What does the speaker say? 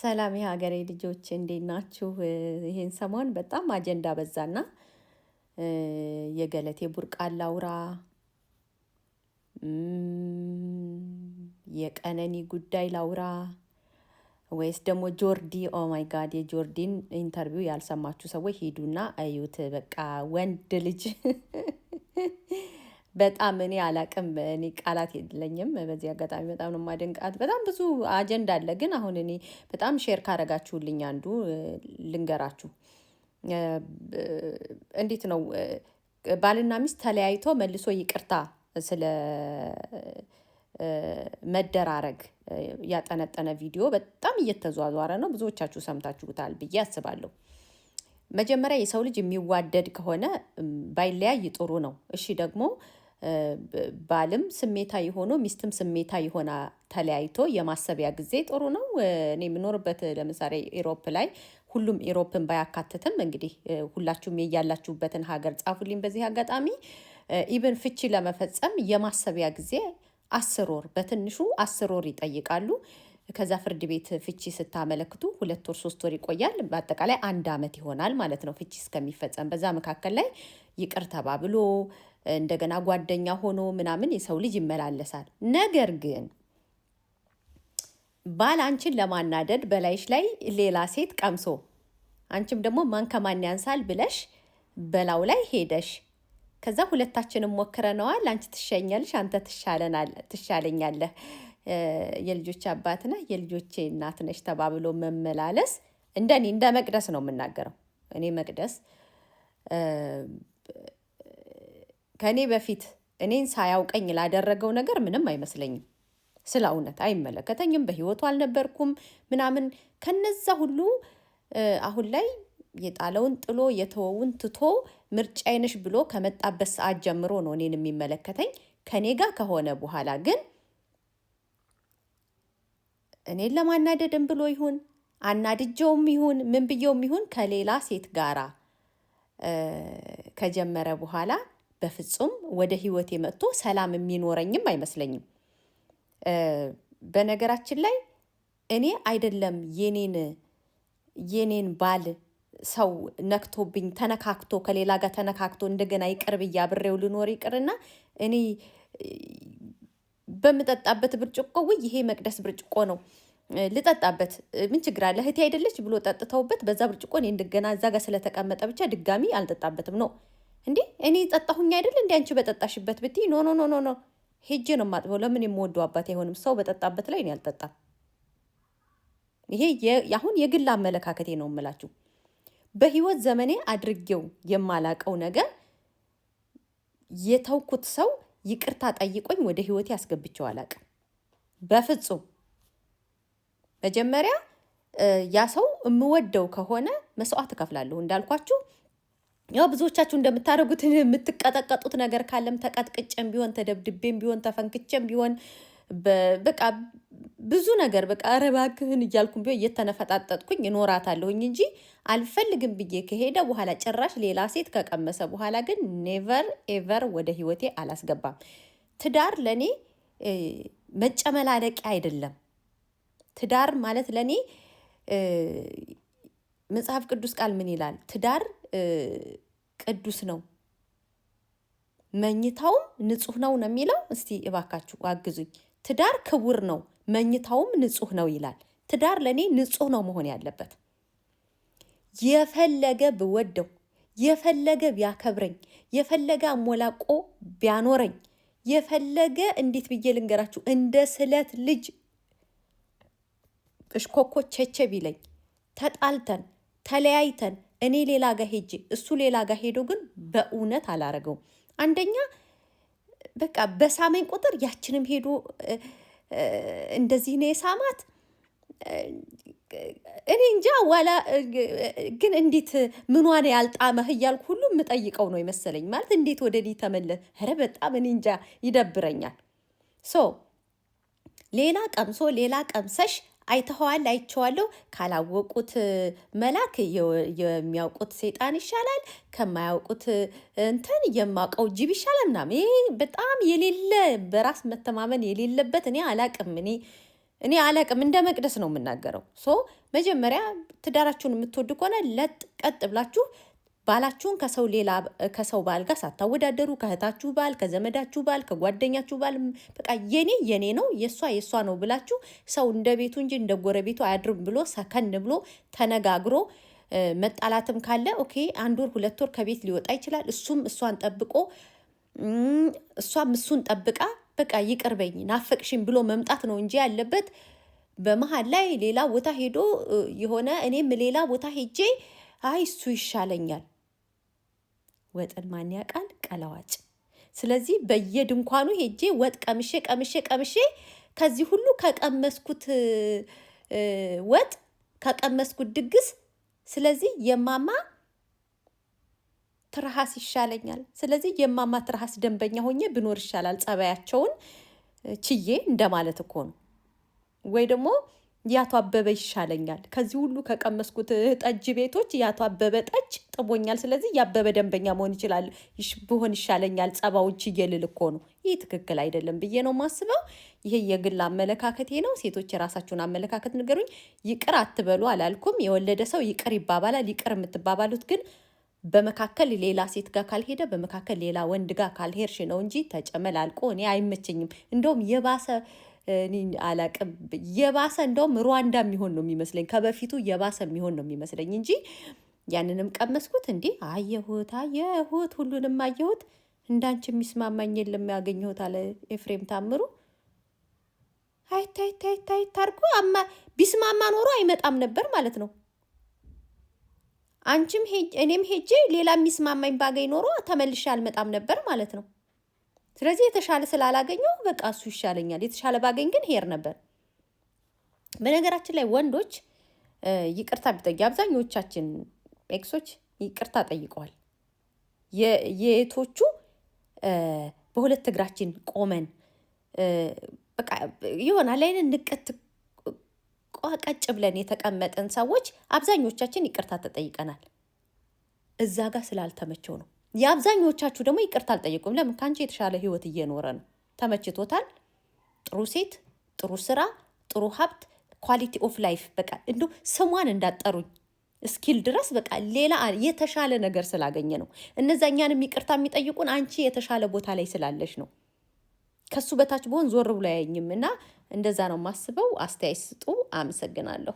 ሰላም የሀገሬ ልጆች እንዴት ናችሁ? ይህን ሰሞን በጣም አጀንዳ በዛና የገለቴ ቡርቃ ላውራ፣ የቀነኒ ጉዳይ ላውራ ወይስ ደግሞ ጆርዲ? ኦማይ ጋድ የጆርዲን ኢንተርቪው ያልሰማችሁ ሰዎች ሂዱና እዩት። በቃ ወንድ ልጅ በጣም እኔ አላቅም፣ እኔ ቃላት የለኝም። በዚህ አጋጣሚ በጣም ነው ማደንቃት። በጣም ብዙ አጀንዳ አለ፣ ግን አሁን እኔ በጣም ሼር ካረጋችሁልኝ አንዱ ልንገራችሁ። እንዴት ነው ባልና ሚስት ተለያይቶ መልሶ ይቅርታ ስለ መደራረግ ያጠነጠነ ቪዲዮ በጣም እየተዟዟረ ነው። ብዙዎቻችሁ ሰምታችሁታል ብዬ አስባለሁ። መጀመሪያ የሰው ልጅ የሚዋደድ ከሆነ ባይለያይ ጥሩ ነው። እሺ ደግሞ ባልም ስሜታዊ ሆኖ ሚስትም ስሜታዊ ሆና ተለያይቶ የማሰቢያ ጊዜ ጥሩ ነው። እኔ የምኖርበት ለምሳሌ ኢሮፕ ላይ ሁሉም ኢሮፕን ባያካትትም እንግዲህ ሁላችሁም የያላችሁበትን ሀገር ጻፉልኝ። በዚህ አጋጣሚ ኢብን ፍቺ ለመፈጸም የማሰቢያ ጊዜ አስር ወር በትንሹ አስር ወር ይጠይቃሉ። ከዛ ፍርድ ቤት ፍቺ ስታመለክቱ ሁለት ወር ሶስት ወር ይቆያል። በአጠቃላይ አንድ አመት ይሆናል ማለት ነው ፍቺ እስከሚፈጸም። በዛ መካከል ላይ ይቅር ተባብሎ እንደገና ጓደኛ ሆኖ ምናምን የሰው ልጅ ይመላለሳል። ነገር ግን ባል አንቺን ለማናደድ በላይሽ ላይ ሌላ ሴት ቀምሶ አንቺም ደግሞ ማን ከማን ያንሳል ብለሽ በላው ላይ ሄደሽ ከዛ ሁለታችንም ሞክረነዋል። አንቺ ትሸኛለሽ፣ አንተ ትሻለኛለህ። የልጆች አባት ነህ፣ የልጆቼ እናት ነሽ ተባብሎ መመላለስ እንደኔ እንደ መቅደስ ነው የምናገረው እኔ መቅደስ ከእኔ በፊት እኔን ሳያውቀኝ ላደረገው ነገር ምንም አይመስለኝም። ስለ እውነት አይመለከተኝም። በህይወቱ አልነበርኩም ምናምን ከነዛ ሁሉ አሁን ላይ የጣለውን ጥሎ የተወውን ትቶ ምርጫ አይነሽ ብሎ ከመጣበት ሰዓት ጀምሮ ነው እኔን የሚመለከተኝ። ከኔ ጋር ከሆነ በኋላ ግን እኔን ለማናደድም ብሎ ይሁን አናድጀውም ይሁን ምን ብየውም ይሁን ከሌላ ሴት ጋራ ከጀመረ በኋላ በፍጹም ወደ ህይወቴ መጥቶ ሰላም የሚኖረኝም አይመስለኝም። በነገራችን ላይ እኔ አይደለም የኔን የኔን ባል ሰው ነክቶብኝ ተነካክቶ ከሌላ ጋር ተነካክቶ እንደገና ይቅር ብዬ አብሬው ልኖር ይቅርና እኔ በምጠጣበት ብርጭቆ ውይ ይሄ መቅደስ ብርጭቆ ነው ልጠጣበት ምን ችግር አለ እህቴ አይደለች ብሎ ጠጥተውበት በዛ ብርጭቆ እኔ እንደገና እዛ ጋር ስለተቀመጠ ብቻ ድጋሚ አልጠጣበትም ነው። እንዴ እኔ ጠጣሁኝ አይደል እንዲ አንቺ በጠጣሽበት ብት ኖ ኖ ኖ ኖ ኖ ሄጄ ነው የማጥበው። ለምን የምወደው አባት አይሆንም። ሰው በጠጣበት ላይ እኔ አልጠጣም። ይሄ አሁን የግል አመለካከቴ ነው የምላችሁ። በህይወት ዘመኔ አድርጌው የማላቀው ነገር የተውኩት ሰው ይቅርታ ጠይቆኝ ወደ ህይወቴ አስገብቼው አላቅም። በፍጹም መጀመሪያ ያ ሰው የምወደው ከሆነ መስዋዕት እከፍላለሁ እንዳልኳችሁ ያው ብዙዎቻችሁ እንደምታደርጉት የምትቀጠቀጡት ነገር ካለም ተቀጥቅጬም ቢሆን ተደብድቤም ቢሆን ተፈንክቼም ቢሆን በቃ ብዙ ነገር በቃ ኧረ እባክህን እያልኩም ቢሆን እየተነፈጣጠጥኩኝ እኖራታለሁኝ እንጂ አልፈልግም ብዬ ከሄደ በኋላ ጭራሽ ሌላ ሴት ከቀመሰ በኋላ ግን ኔቨር ኤቨር ወደ ህይወቴ አላስገባም። ትዳር ለእኔ መጨመላለቂያ አይደለም። ትዳር ማለት ለእኔ መጽሐፍ ቅዱስ ቃል ምን ይላል? ትዳር ቅዱስ ነው፣ መኝታውም ንጹህ ነው ነው የሚለው። እስቲ እባካችሁ አግዙኝ። ትዳር ክቡር ነው፣ መኝታውም ንጹህ ነው ይላል። ትዳር ለእኔ ንጹህ ነው መሆን ያለበት። የፈለገ ብወደው፣ የፈለገ ቢያከብረኝ፣ የፈለገ አሞላቆ ቢያኖረኝ፣ የፈለገ እንዴት ብዬ ልንገራችሁ እንደ ስለት ልጅ እሽኮኮ ቸቸ ቢለኝ፣ ተጣልተን ተለያይተን እኔ ሌላ ጋ ሄጄ እሱ ሌላ ጋ ሄዶ ግን በእውነት አላረገው። አንደኛ በቃ በሳመኝ ቁጥር ያችንም ሄዶ እንደዚህ ነው የሳማት። እኔ እንጃ ዋላ ግን እንዴት ምኗን ያልጣመህ እያልኩ ሁሉ የምጠይቀው ነው የመሰለኝ። ማለት እንዴት ወደ እኔ ተመለ ረ በጣም እኔ እንጃ ይደብረኛል። ሶ ሌላ ቀምሶ ሌላ ቀምሰሽ አይተኸዋል፣ አይቸዋለሁ ካላወቁት መላክ የሚያውቁት ሰይጣን ይሻላል፣ ከማያውቁት እንትን የማውቀው ጅብ ይሻላል ምናምን። ይሄ በጣም የሌለ በራስ መተማመን የሌለበት እኔ አላቅም እኔ እኔ አላቅም። እንደ መቅደስ ነው የምናገረው። ሶ መጀመሪያ ትዳራችሁን የምትወዱ ከሆነ ለጥ ቀጥ ብላችሁ ባላችሁን ከሰው ሌላ ከሰው ባል ጋር ሳታወዳደሩ ከእህታችሁ ባል፣ ከዘመዳችሁ ባል፣ ከጓደኛችሁ ባል በቃ የኔ የኔ ነው የእሷ የእሷ ነው ብላችሁ ሰው እንደ ቤቱ እንጂ እንደ ጎረቤቱ አያድርም ብሎ ሰከን ብሎ ተነጋግሮ መጣላትም ካለ ኦኬ አንድ ወር ሁለት ወር ከቤት ሊወጣ ይችላል። እሱም እሷን ጠብቆ እሷም እሱን ጠብቃ በቃ ይቅርበኝ ናፈቅሽኝ ብሎ መምጣት ነው እንጂ ያለበት በመሀል ላይ ሌላ ቦታ ሄዶ የሆነ እኔም ሌላ ቦታ ሄጄ አይ እሱ ይሻለኛል ወጥን ማን ያውቃል? ቀለዋጭ። ስለዚህ በየድንኳኑ ሄጄ ወጥ ቀምሼ ቀምሼ ቀምሼ ከዚህ ሁሉ ከቀመስኩት ወጥ ከቀመስኩት ድግስ፣ ስለዚህ የማማ ትርሃስ ይሻለኛል። ስለዚህ የማማ ትርሃስ ደንበኛ ሆኜ ብኖር ይሻላል። ጸባያቸውን ችዬ እንደማለት እኮ ነው ወይ ደግሞ የአቶ አበበ ይሻለኛል። ከዚህ ሁሉ ከቀመስኩት ጠጅ ቤቶች የአቶ አበበ ጠጅ ጥሞኛል። ስለዚህ የአበበ ደንበኛ መሆን ይችላል ብሆን ይሻለኛል። ጸባዎች እየልል እኮ ነው። ይህ ትክክል አይደለም ብዬ ነው ማስበው። ይሄ የግል አመለካከቴ ነው። ሴቶች የራሳችሁን አመለካከት ንገሩኝ። ይቅር አትበሉ አላልኩም። የወለደ ሰው ይቅር ይባባላል። ይቅር የምትባባሉት ግን በመካከል ሌላ ሴት ጋር ካልሄደ በመካከል ሌላ ወንድ ጋር ካልሄድሽ ነው እንጂ ተጨመላልቆ እኔ አይመቸኝም። እንደውም የባሰ አላቅም። የባሰ እንደውም ሩዋንዳ የሚሆን ነው የሚመስለኝ፣ ከበፊቱ የባሰ የሚሆን ነው የሚመስለኝ እንጂ ያንንም ቀመስኩት። እንዲህ አየሁት አየሁት፣ ሁሉንም አየሁት። እንዳንቺ የሚስማማኝ የለም ያገኘሁት አለ ኤፍሬም ታምሩ። አይታይታይታይት አማ ቢስማማ ኖሮ አይመጣም ነበር ማለት ነው። አንቺም እኔም ሄጄ ሌላ የሚስማማኝ ባገኝ ኖሮ ተመልሼ አልመጣም ነበር ማለት ነው። ስለዚህ የተሻለ ስላላገኘው በቃ እሱ ይሻለኛል፣ የተሻለ ባገኝ ግን ሄር ነበር። በነገራችን ላይ ወንዶች ይቅርታ ቢጠይቅ አብዛኞቻችን ኤክሶች ይቅርታ ጠይቀዋል። የቶቹ በሁለት እግራችን ቆመን በቃ ይሆናል አይነት ንቀት ቋቀጭ ብለን የተቀመጠን ሰዎች አብዛኞቻችን ይቅርታ ተጠይቀናል። እዛ ጋር ስላልተመቸው ነው። የአብዛኞቻችሁ ደግሞ ይቅርታ አልጠየቁም። ለምን? ከአንቺ የተሻለ ህይወት እየኖረ ነው። ተመችቶታል። ጥሩ ሴት፣ ጥሩ ስራ፣ ጥሩ ሀብት፣ ኳሊቲ ኦፍ ላይፍ። በቃ እንዲ ስሟን እንዳጠሩኝ እስኪል ድረስ በቃ ሌላ የተሻለ ነገር ስላገኘ ነው። እነዛ እኛንም ይቅርታ የሚጠይቁን አንቺ የተሻለ ቦታ ላይ ስላለሽ ነው። ከሱ በታች በሆን ዞር ብሎ ያየኝም እና እንደዛ ነው የማስበው። አስተያየት ስጡ። አመሰግናለሁ።